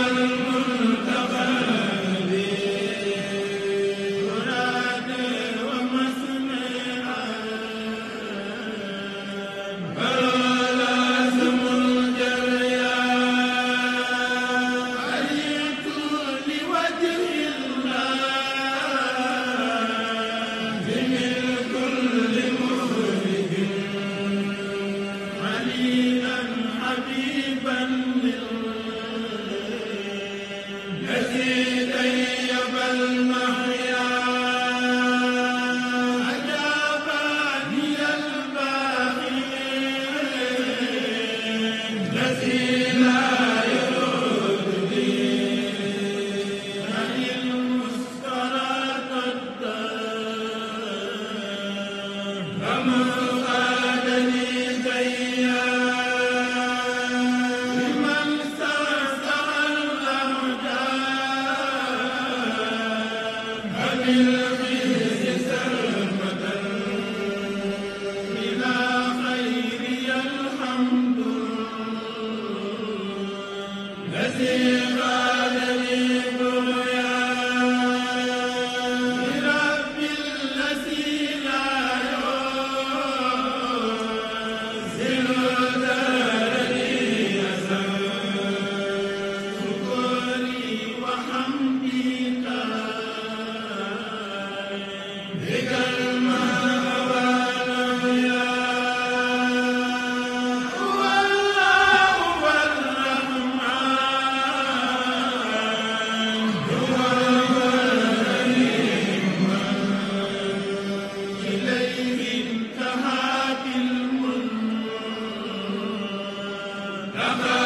من Merci. Amen